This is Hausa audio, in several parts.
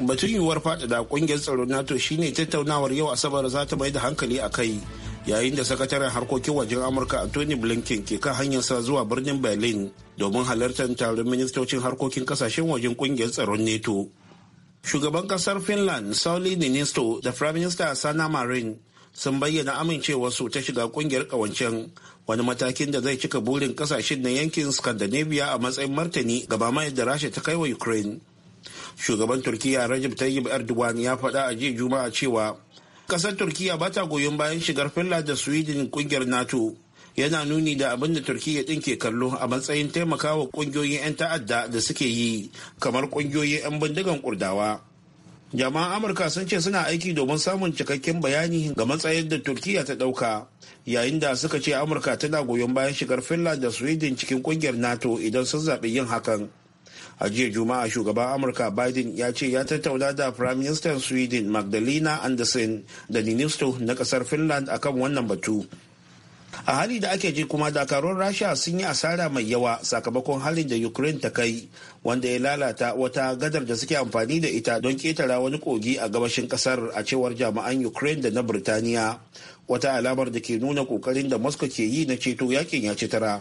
batun yiwuwar faɗaɗa ƙungiyar tsaron nato shine tattaunawar yau asabar za ta mai da hankali a kai yayin da sakataren harkokin wajen amurka anthony blinken ke kan sa zuwa birnin berlin domin halartar taron ministocin harkokin kasashen wajen kungiyar tsaron nato. shugaban kasar finland sauli ninisto da prime minister sana marin sun bayyana amincewarsu ta shiga kungiyar kawancen wani matakin da zai cika burin kasashen na yankin scandinavia a matsayin martani gaba mai da rasha ta kai wa ukraine shugaban turkiya rajab tayyip erdogan ya faɗa a jiya juma'a cewa ƙasar turkiya ba ta goyon bayan shigar finland da sweden ƙungiyar nato yana nuni da abin da turkiya din ke kallo a matsayin taimakawa ƙungiyoyin 'yan ta'adda da suke yi kamar ƙungiyoyin 'yan bindigan kurdawa jama'an amurka sun ce suna aiki domin samun cikakken bayani ga matsayin da turkiya ta ɗauka yayin da suka ce amurka tana goyon bayan shigar finland da sweden cikin ƙungiyar nato idan sun zaɓi yin hakan a jiya juma'a shugaban amurka biden ya ce ya tattauna da prime minister sweden magdalena anderson da ninisto na kasar finland akan wannan batu a hali da ake ji kuma dakarun rasha sun yi asara mai yawa sakamakon halin da ukraine ta kai wanda ya lalata wata gadar da suke amfani da ita don ketara wani kogi a gabashin kasar a cewar jami'an ukraine da na birtaniya wata alamar da ke nuna kokarin da moscow ke yi na ceto yakin ya ci tara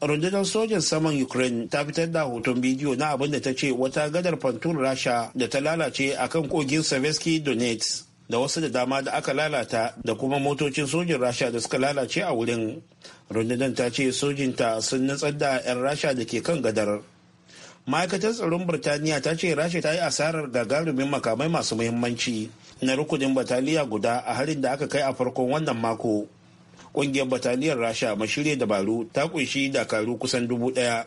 rundunar sojan saman ukraine ta fitar da hoton bidiyo na abin da ta ce wata gadar fantun rasha da ta lalace a kan kogin saveski donetsk da wasu da dama da aka lalata da kuma motocin sojin rasha da suka lalace a wurin rundunar ta ce sojinta sun nutsar da 'yan rasha da ke kan gadar ma'aikatar tsaron birtaniya ta ce rasha ta yi asarar gagarumin makamai masu muhimmanci na rukunin bataliya guda a harin da aka kai a farkon wannan mako kungiyar bataliyar rasha mashirya dabaru ta kunshi dakaru kusan dubu daya.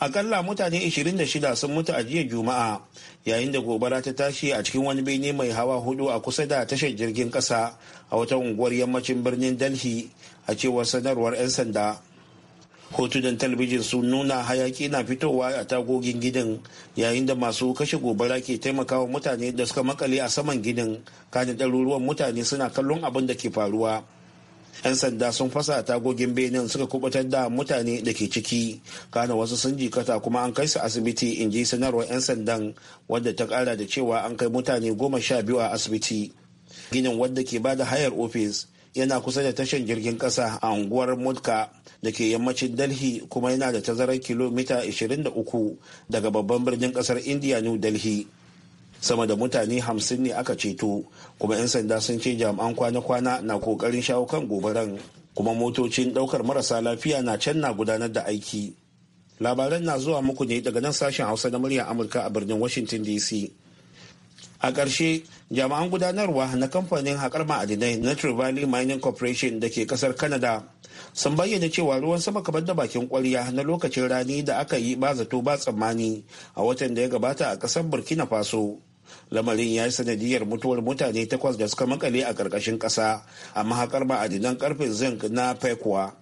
akalla mutane 26 sun mutu a jiya juma'a yayin da gobara ta tashi a cikin wani bene mai hawa hudu a kusa da tashar jirgin kasa a wata unguwar yammacin birnin delhi a cewar sanarwar 'yan sanda hotunan talabijin sun nuna hayaki na fitowa a tagogin gidan yayin da masu kashe gobara ke taimakawa mutane da suka makale a saman gidan kanin ɗaruruwan mutane suna kallon abin da ke faruwa 'yan sanda sun fasa tagogin benin suka kubutar da mutane da ke ciki kana wasu sun jikata kuma an kai su asibiti in ji sanarwar 'yan sandan wadda ta kara da cewa an kai mutane goma sha biyu a asibiti ginin wadda ke bada hayar ofis yana kusa da tashar jirgin kasa a unguwar mutka da ke yammacin delhi kuma yana da tazarar kilomita 23 daga babban birnin kasar india new delhi sama da mutane hamsin ne aka ceto kuma 'yan sanda sun ce jami'an kwana-kwana na kokarin shawo kan gobaran kuma motocin daukar marasa lafiya na can na gudanar da aiki labaran na zuwa muku ne daga nan sashen hausa na muryar amurka a birnin washington dc a ƙarshe jami'an gudanarwa na kamfanin haƙar ma'adinai na trevally mining corporation da ke ƙasar canada sun bayyana cewa ruwan sama kamar da bakin kwarya na lokacin rani da aka yi ba zato ba tsammani a watan da ya gabata a ƙasar burkina faso lamarin ya yi sanadiyar mutuwar mutane takwas da suka makale a ƙarƙashin ƙasa a mahakar ma'adinan karfe zinc na pekuwa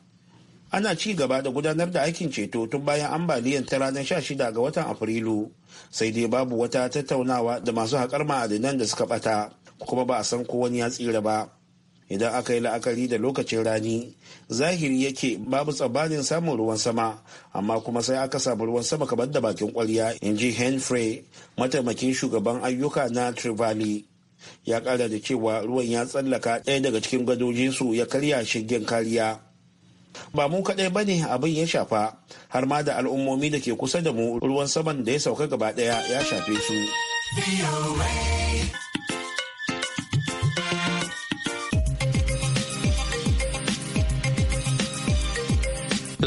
ana ci gaba da gudanar da aikin ceto tun bayan ambaliyan ta ranar shida ga watan afrilu sai dai babu wata tattaunawa da masu haƙar ma'adinan da suka ɓata kuma ba a san ko wani ya tsira ba idan aka yi la'akari da lokacin rani zahiri yake babu tsabanin samun ruwan sama amma kuma sai aka samu ruwan sama kamar da bakin kwarya in ji henfrey mataimakin shugaban ayyuka na trivali ya kara da cewa ruwan ya tsallaka ɗaya daga cikin gadojinsu ya karya shingen kariya ba mu kaɗai ba ne abin ya shafa har ma da al'ummomi da ke kusa da mu ruwan saman da ya sauka gaba ɗaya ya shafe su.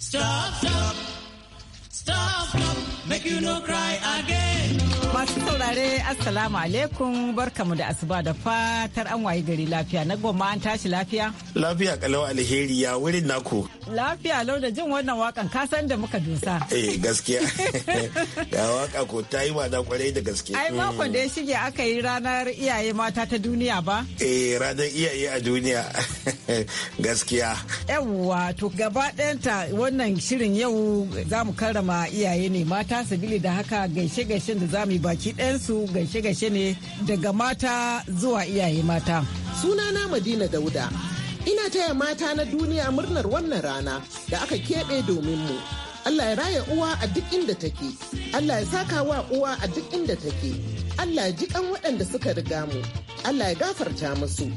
Stop, stop, stop, stop, make you no cry again. Masu saurare Assalamu alaikum barkamu da asuba da fatar an wayi gari lafiya na goma an tashi lafiya. Lafiya kalau alheri ya wurin naku. Lafiya lau da jin wannan wakan kasan da muka dusa. Eh gaskiya. Ga waka ko ta yi wada kwarai da gaske. Ai makon da ya shige aka yi ranar iyaye mata ta duniya ba? Eh ranar iyaye a duniya. gaskiya. Yawwa to gaba ɗayanta wannan shirin yau za mu karrama iyaye ne mata sabili da haka gaishe-gaishen da za mu baki baki ɗayansu gaishe-gaishe ne daga mata zuwa iyaye mata. Sunana Madina Dauda. Ina taya mata na duniya murnar wannan rana da aka keɓe domin mu. Allah ya raya uwa a duk inda take. Allah ya saka wa uwa a duk inda take. Allah ya ji ɗan waɗanda suka riga mu. Allah ya gafarta musu.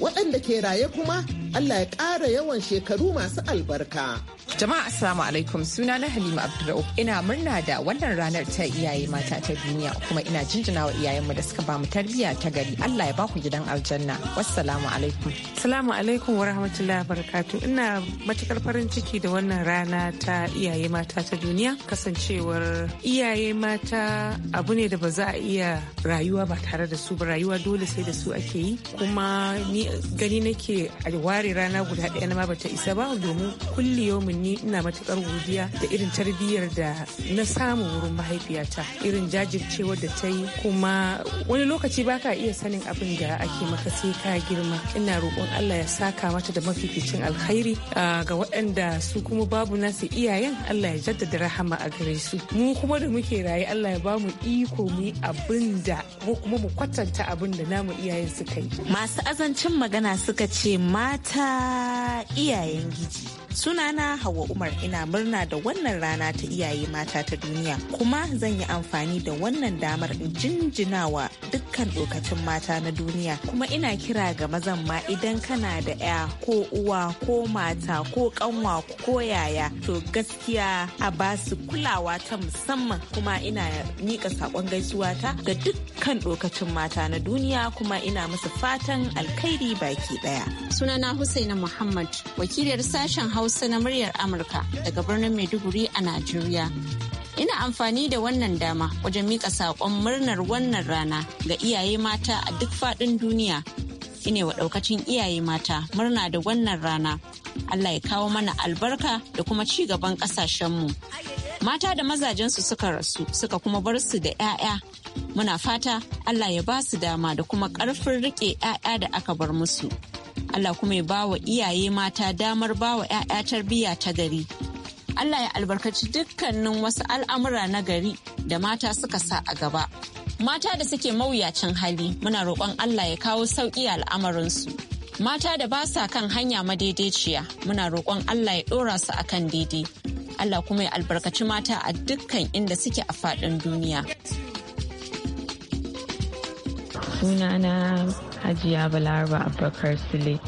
Waɗanda ke raye kuma Allah ya ƙara yawan shekaru masu albarka. Jama'a Assalamu alaikum suna na Halima Abdulrauf ina murna da wannan ranar ta iyaye mata ta duniya kuma ina jinjina wa iyayenmu da suka bamu tarbiyya ta gari Allah ya ba ku gidan aljanna. Wassalamu alaikum. Assalamu alaikum wa rahmatullahi barakatu ina matukar farin ciki da wannan rana ta iyaye mata ta duniya kasancewar iyaye mata abu ne da ba za a iya rayuwa ba tare da su ba rayuwa dole sai da su ake yi kuma ni gani nake a ware rana guda ɗaya na ma bata isa ba domin kulle yaumin ni ina matukar godiya da irin tarbiyyar da na samu wurin mahaifiyata irin jajircewar da ta yi kuma wani lokaci baka iya sanin abin da ake maka sai ka girma ina roƙon Allah ya saka mata da mafificin alkhairi ga waɗanda su kuma babu nasu iyayen Allah ya jaddada rahama a gare su mu kuma da muke raye Allah ya bamu iko mu yi abin da kuma mu kwatanta abin da namu iyayen suka yi masu azancin magana suka ce mata mata iyayen giji. Sunana hawa Umar ina murna da wannan rana ta iyaye mata ta duniya kuma zan yi amfani da wannan damar in jinjinawa dukkan dokacin mata na duniya kuma ina kira ga mazan ma idan kana da ya ko uwa ko mata ko kanwa ko yaya to gaskiya a ba su kulawa ta musamman kuma ina mika sakon gaisuwa ta ga dukkan dokacin mata na duniya kuma ina musu fatan alkhairi baki daya. Sunana Husaina Muhammad wakiliyar sashen Hausa Hausa na muryar Amurka daga birnin Maiduguri a Najeriya. Ina amfani da wannan dama wajen miƙa saƙon murnar wannan rana ga iyaye mata a duk faɗin duniya. Ine wa ɗaukacin iyaye mata murna da wannan rana. Allah ya kawo mana albarka da kuma ci gaban ƙasashenmu. Mata da mazajensu suka rasu suka kuma bar su da 'ya'ya. Muna fata Allah ya ba su dama da kuma ƙarfin riƙe 'ya'ya da aka bar musu. Allah kuma ya bawa iyaye mata damar ba wa 'ya'ya tarbiyya ta gari. Allah ya albarkaci dukkanin wasu al'amura na gari da mata suka sa a gaba. Mata da suke mawuyacin hali muna roƙon Allah ya kawo sauƙi al'amarinsu. Mata da ba sa kan hanya madaidaiciya muna roƙon Allah ya ɗora su akan daidai. Allah kuma ya albarkaci mata a dukkan inda suke a faɗin duniya. Sunana hajiya balaraba abubakar sule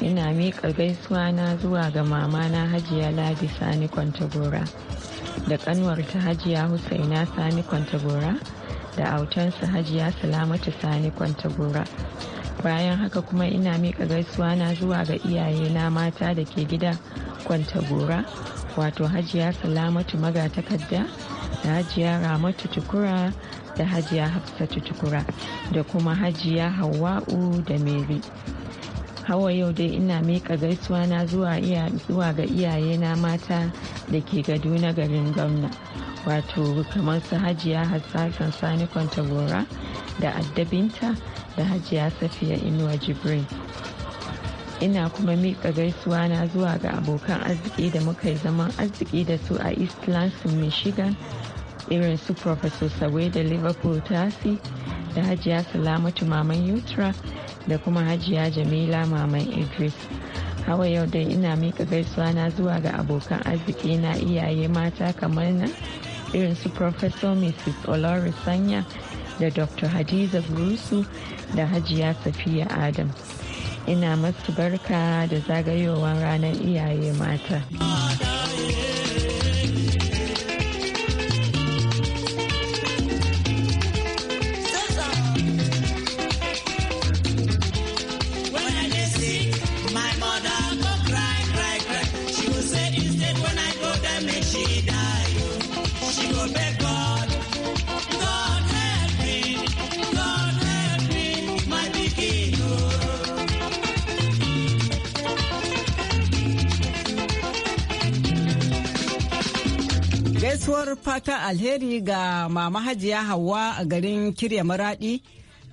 ina miƙa gaisuwa na zuwa ga mamana hajiya ladi sani kwantagora da ta hajiya husaina sani kwantagora da autansa hajiya salamatu sani kwantagora bayan haka kuma ina miƙa gaisuwa na zuwa ga iyaye na mata da ke gida kwantagora wato hajiya salamatu magatakarda da hajiya ramatu tukura da hajiya hafsatu tukura da kuma hajiya hawa'u da meri hawa yau dai ina miƙa gaisuwa na zuwa ga iyaye na mata da ke gado na garin gwamna wato kamar su hajiya hassan sani kwantagora da addabinta da hajiya safiya inuwa jibrin ina kuma miƙa gaisuwa na zuwa ga abokan arziki da muka yi zaman arziki da su a east lansing michigan irin su professor sawe da liverpool tasi da hajiya salamatu maman yutra da kuma hajiya jamila maman idris hawa yau dai ina miƙa gaisuwa na zuwa ga abokan arziki na iyaye mata kamar nan irin su professor mrs olori sanya da dr hadiza burusu da hajiya safiya adams ina masu barka da zagayowar ranar iyaye mata. gaisuwar fata alheri ga mama hajiya hawa a garin kirya maradi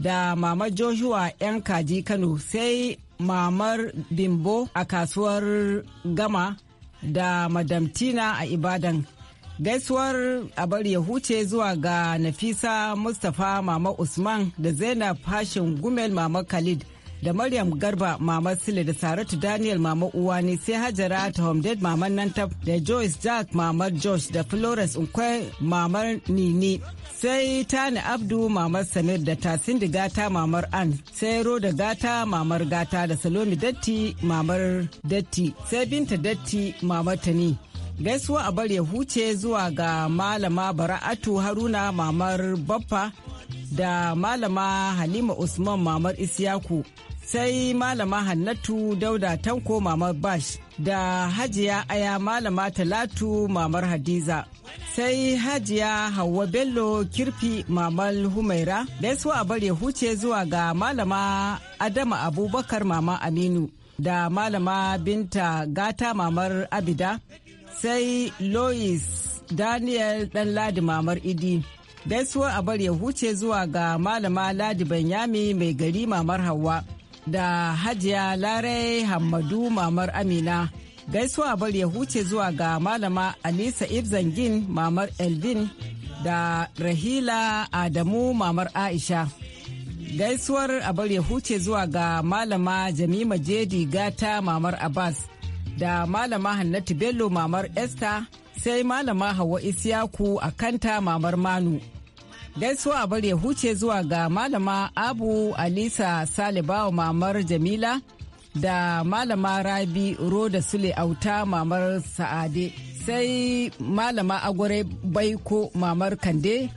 da mama joshua 'yan kaji kano sai mamar bimbo a kasuwar gama da madam tina a ibadan gaisuwar abar ya huce zuwa ga nafisa mustapha mama usman da zainab hashin gumel mama khalid da Maryam Garba Mama Sile da Saratu Daniel Mama Uwani sai Hajara ta homdet Maman Nantab. da Joyce Jack Mama Josh da Florence Nkwe Mamar Nini sai Tani Abdu Mamar Samir da Tasindi Gata Mamar An sai Roda Gata Mamar Gata da Salomi Datti Mamar Datti sai Binta Datti Mamar Tani. Gaisuwa a bar ya huce zuwa ga Malama Bara'atu Haruna Mamar Baffa da Malama Halima Usman Mamar Isiyaku sai malama hannatu dauda tanko mamar bash da hajiya aya malama talatu mamar hadiza sai hajiya hauwa bello kirfi mamar humaira da su a bare huce zuwa ga malama adama abubakar mama aminu da malama binta gata mamar abida sai lois daniel dan ladi mamar idi gaisuwar a bar ya huce zuwa ga malama ladi banyami mai gari mamar hawa da Hajiya Larai Hammadu Mamar Amina. Gaisuwa bar ya huce zuwa ga Malama Alisa Ibzangin Mamar Elvin da Rahila Adamu Mamar Aisha. Gaisuwar abar ya huce zuwa ga Malama Jamima Jedi Gata Mamar Abbas da Malama Hannatu Bello Mamar Esther sai Malama Hawa Isiyaku kanta Mamar Manu. gaisuwa bari ya huce zuwa ga malama abu alisa salibawa mamar jamila da malama rabi roda sule auta mamar sa'ade sai malama agware baiko mamar kande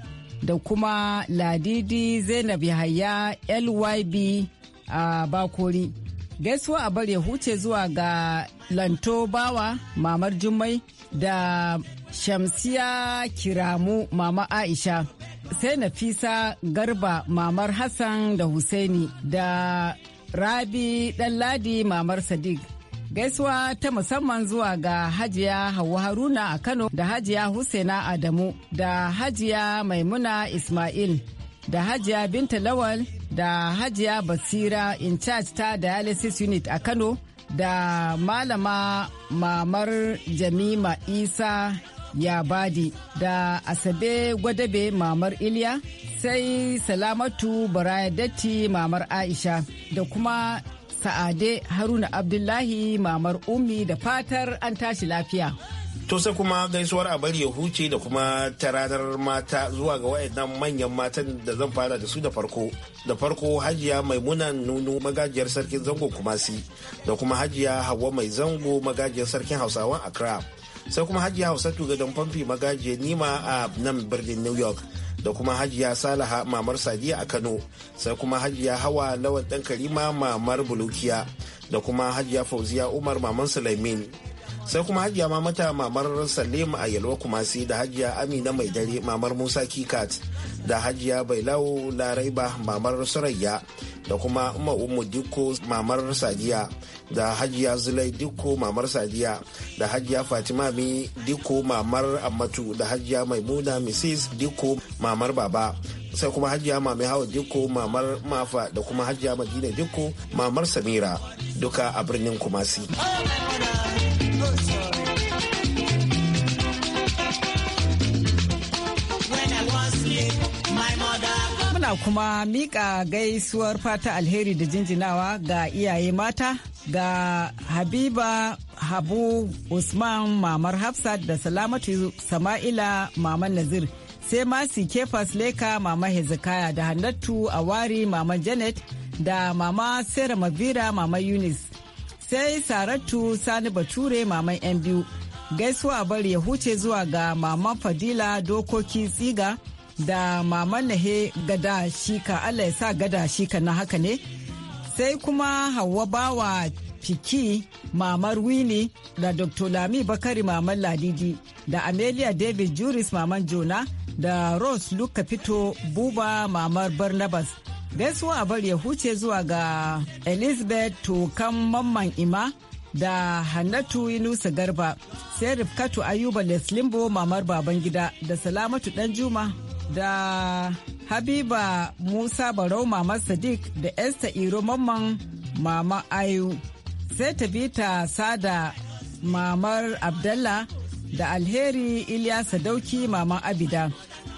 da kuma ladidi zainab yahaya lyb a bakori gaisuwa a bar ya huce zuwa ga lanto bawa mamar jummai da shamsiya kiramu mama aisha sai Nafisa Garba Mamar Hassan da Husaini da Rabi Ɗanladi Mamar Sadiq. Gaisuwa ta musamman zuwa ga Hajiya Hauwa Haruna a Kano da Hajiya Husaina Adamu da Hajiya Maimuna Ismail da Hajiya Binta Lawal da Hajiya Basira in charge ta dialysis unit a Kano da Malama Mamar Jamima Isa ya badi da Asabe Gwadabe Mamar Iliya sai Salamatu datti Mamar Aisha da kuma Sa'ade Haruna Abdullahi Mamar Ummi da fatar an tashi lafiya. To sai kuma gaisuwar a bari ya huce da kuma ta mata zuwa ga waɗannan manyan matan da zan fara da su da farko. Da farko hajiya maimuna nunu magajiyar sarkin zango kumasi da kuma hajiya hawa mai zango magajiyar sarkin hausawan accra. sai kuma hajiya hausatu don famfi magajiya nima a nan birnin new york da kuma hajiya salaha mamar sadiya a kano sai kuma hajiya hawa lawan dan karima mamar bulukiya da kuma hajiya fauziya umar maman sulaimin sai kuma hajiya mamata mamar salim a yalwa kumasi da hajiya amina mai dare mamar musa kikat da hajiya bailawo laraiba mamar surayya da kuma umma umu dikko mamar sadiya da hajiya zulai dikko mamar sadiya da hajiya fatima mi dikko mamar ammatu da hajiya maimuna mrs dikko mamar baba sai kuma hajiya mami hawa dikko mamar mafa da kuma hajiya madina dikko mamar samira duka a birnin kumasi Muna kuma mika gaisuwar fata alheri da jinjinawa ga iyaye mata ga Habiba Habu Usman Mamar hafsa da Salamatu Sama'ila Maman Nazir. sai masi kefas leka mama hezekiah da hannatu awari mama janet da mama sarah mavira mama yunis sai saratu sani bature maman yan biyu gaisuwa bari ya huce zuwa ga maman fadila dokoki tsiga da maman nahe gada shika allah ya sa gada shika na haka ne sai kuma hawa bawa fiki mamar wini da dr lami bakari maman ladidi da amelia david juris maman jona da rose luka fito buba mamar barnabas Gaisuwa a bari ya huce zuwa ga Elizabeth Tokan Mamman Ima da Hannatu Yunusa Garba, sai Rifkatu Ayuba Leslimbo Mamar Babangida da Salamatu dan juma da Habiba Musa Barau Mamar Sadiq da Esther Iro Mamman Mama Ayu, sai Tabita Sada Mamar abdalla da Alheri Iliya Sadauki Mama Abida,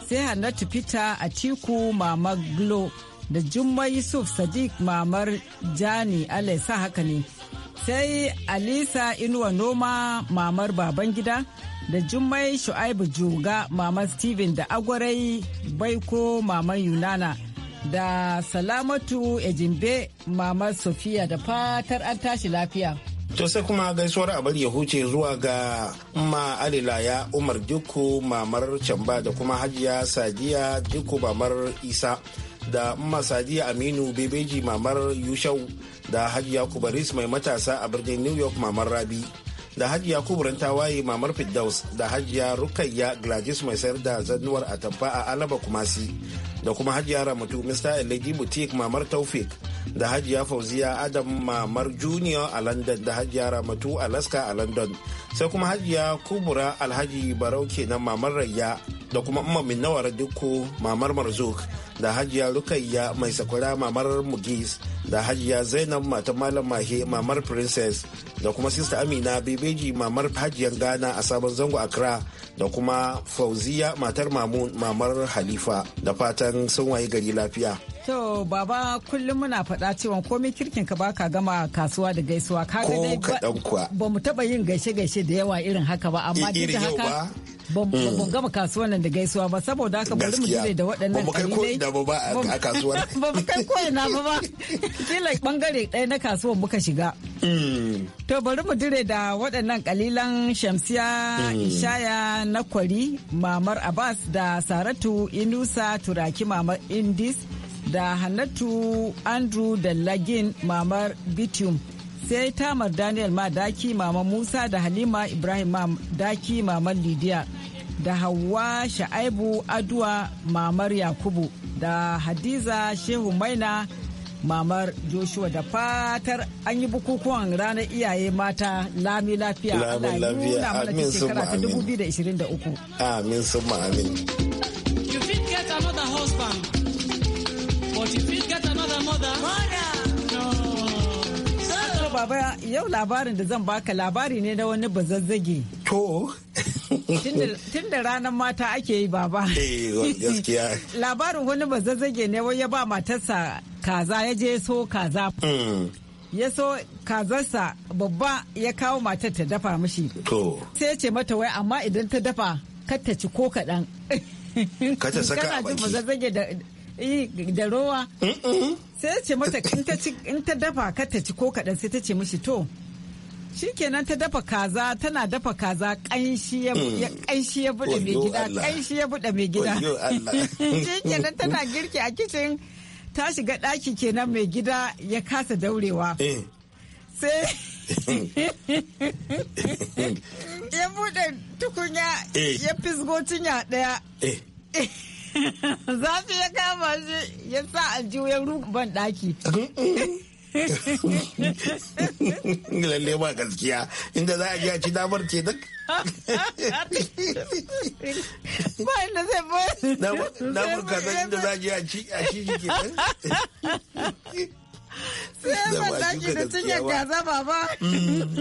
sai Hannatu Fita Atiku Mama Glo. da Jumma Yusuf Sadiq Mamar Jani Allah sa haka ne. Sai Alisa Inuwa Noma Mamar Babangida da Jummai Shu'aibu Juga Mamar Steven da Agwarai Baiko Mamar Yunana da Salamatu Ejimbe Mamar Sofiya da fatar an tashi lafiya. To sai kuma gaisuwar abar ya huce zuwa ga ma alilaya Umar Dikku mamar Camba da kuma Hajiya Sadiya dukku mamar Isa da masadi Aminu Bebeji Mamar Yushau da Hajiya Kubaris mai matasa a birnin New York Mamar Rabi. da hajiya kuburin tawaye mamar fiddaus da hajiya rukayya gladys mai sayar da zannuwar atamfa a alaba kumasi da kuma hajiya ramatu mr lady boutique mamar taufik da hajiya fauziya adam mamar junior a london da hajiya ramatu alaska a london sai kuma hajiya kubura alhaji barau kenan mamar rayya da kuma umar minawar dukku mamar marzuk da hajiya rukayya mai sakwara mamar mugis da hajiya zainab matan malam mahe mamar princess da kuma sista amina bebeji mamar hajiyar ghana a sabon zango accra da kuma fauziya matar mamun mamar halifa da fatan sun waye gari lafiya to baba kullum muna faɗa cewa komai kirkin ka baka gama kasuwa da gaisuwa ka ga ba mu taɓa yin gaishe-gaishe da yawa irin haka ba amma duk haka ba mu mm. gama kasuwan da gaisuwa ba saboda haka bari mu jire da waɗannan kalilai ina ba a kasuwar. Ba mu kai ko na ba ba. Kila bangare ɗaya na kasuwar muka shiga. Hmm. To bari mu dire da waɗannan ƙalilan Shamsiya hmm. Ishaya na kwari Mamar Abbas da Saratu Inusa Turaki Mamar Indis da Hannatu Andrew da Lagin Mamar Bitium. sai tamar daniel madaki Mamar musa da halima ibrahim daki Mamar lidiya da Hauwa Sha'aibu Aduwa Mamar Yakubu da Hadiza Shehu Maina Mamar Joshua da fatar an yi bukukuwan ranar iyaye mata lami lafiya. Lami lafiya nuna sun amin. Amin sun Baba, yau labarin da zan baka labari ne na wani bazazzage. To. Tun da ranar mata ake yi baba. Eh, gaskiya. Labarin wani bazazzage ne wai ya ba matarsa kaza ya je so kaza. Hmm. Ya so kazarsa babba ya kawo matar ta dafa mishi. To. Sai ya ce mata wai amma idan ta dafa kar ta ci ko kaɗan. Kata saka a baki. bazazzage da eh, rowa. Sai ya ce mata in ta dafa kar ta ci ko kaɗan sai ta ce mishi to. shikenan ta dafa kaza tana dafa kaza kanshi ya ya mm. bude mai gida kanshi ya bude mai gida shikenan tana girki a kicin ta shiga daki kenan mai gida ya kasa daurewa eh. sai ya bude tukunya eh. ya fisgo cinya daya eh. zafi ya kama shi ya sa aljihu ya ruban daki lalle ba gaskiya inda za a ji a ci damar ce duk ba inda zai bai damar kasar inda za a ji a ci a ci shi ke sai ya ki da cinye gaza ba. Mm.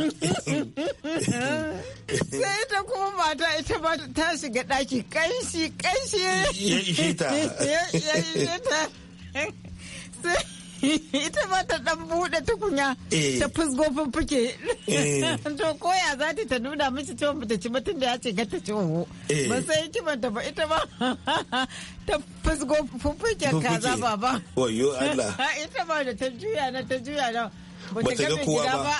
sai ita kuma mata ita ba ta shiga daki kanshi kanshi ya ishe ta ya ishe ta ita ba ta dan bude tukunya eh. ta fusgo fuffuke eh. to koya za ta ta nuna mishi ta ba ta ci ba tunda ya ce ga ta ci oho eh. ba sai ki ba ta ba ita ba ta fusgo fuffuke kaza ba ba wayo Allah ita ba da ta juya na ta juya na ba ta ga kowa ba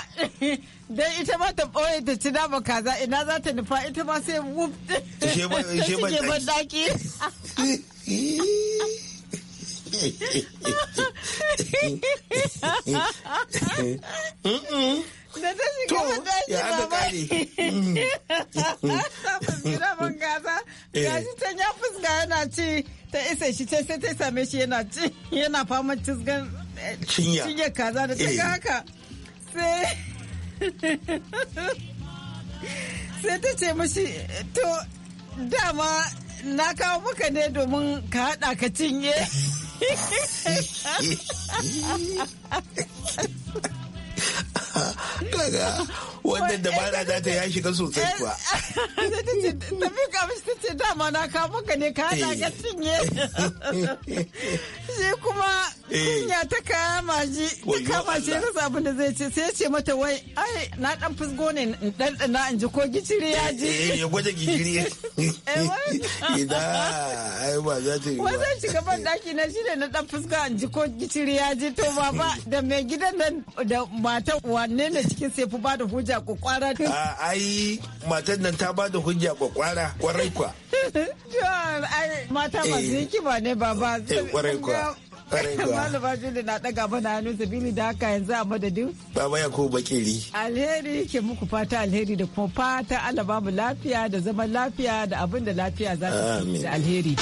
dai ita ma ta ɓoye ta ci nama kaza ina za ta nufa ita ma sai wuf ta ke ban daki da ta shiga mataki ba fuskira mun gasa gashi can ya fuska yana ci ta isa shi ce sai ta same shi yana ci yana fama cizgan cinye kaza da ta haka sai sai ta ce mashi to dama na kawo maka ne domin ka haɗa ka cinye Ah, ah, ah, ah, ah, kaga wannan dabara za ta ya shiga sosai kuwa ta fi kamis ta ce dama na kama ka ne ka haɗa ka eh. cinye sai kuma eh. kunya ta kama ji? ta kama shi na sabon da zai ce sai ya ce mata wai ai na dan fusgo ne dan dana in ji ko giciri ya ji eh, ya gwada giciri ina ai ba za ta yi ba zai shiga ban daki na shi ne na dan fusgo in ji ko giciri ya ji to baba da mai gidan nan da mata uwa wanne ne cikin sai fi bada hujja kwakwara ai Matan nan ta bada hujja kwara kwarai kwa mata masu eh. kima ne baba eh, kwarai kwa Malama Juli na ɗaga mana hannu sabili da haka yanzu a madadin. Baba ya ko bakiri. Alheri ke muku fata alheri da kuma fata Allah ba mu lafiya da zaman lafiya da abin da lafiya za ta da alheri.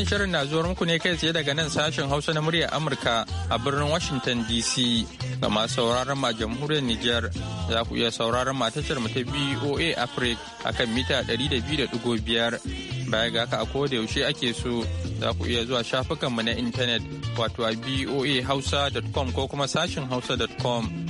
Wannan shirin na zuwar muku ne kai tsaye daga nan sashen Hausa na murya Amurka a birnin Washington DC ga masu sauraron ma jamhuriyar Nijar za ku iya sauraron ma tashar mu ta BOA Africa kan mita 200.5 baya ga haka a koda yaushe ake so za ku iya zuwa shafukanmu na intanet wato a boahausa.com ko kuma sashen hausa.com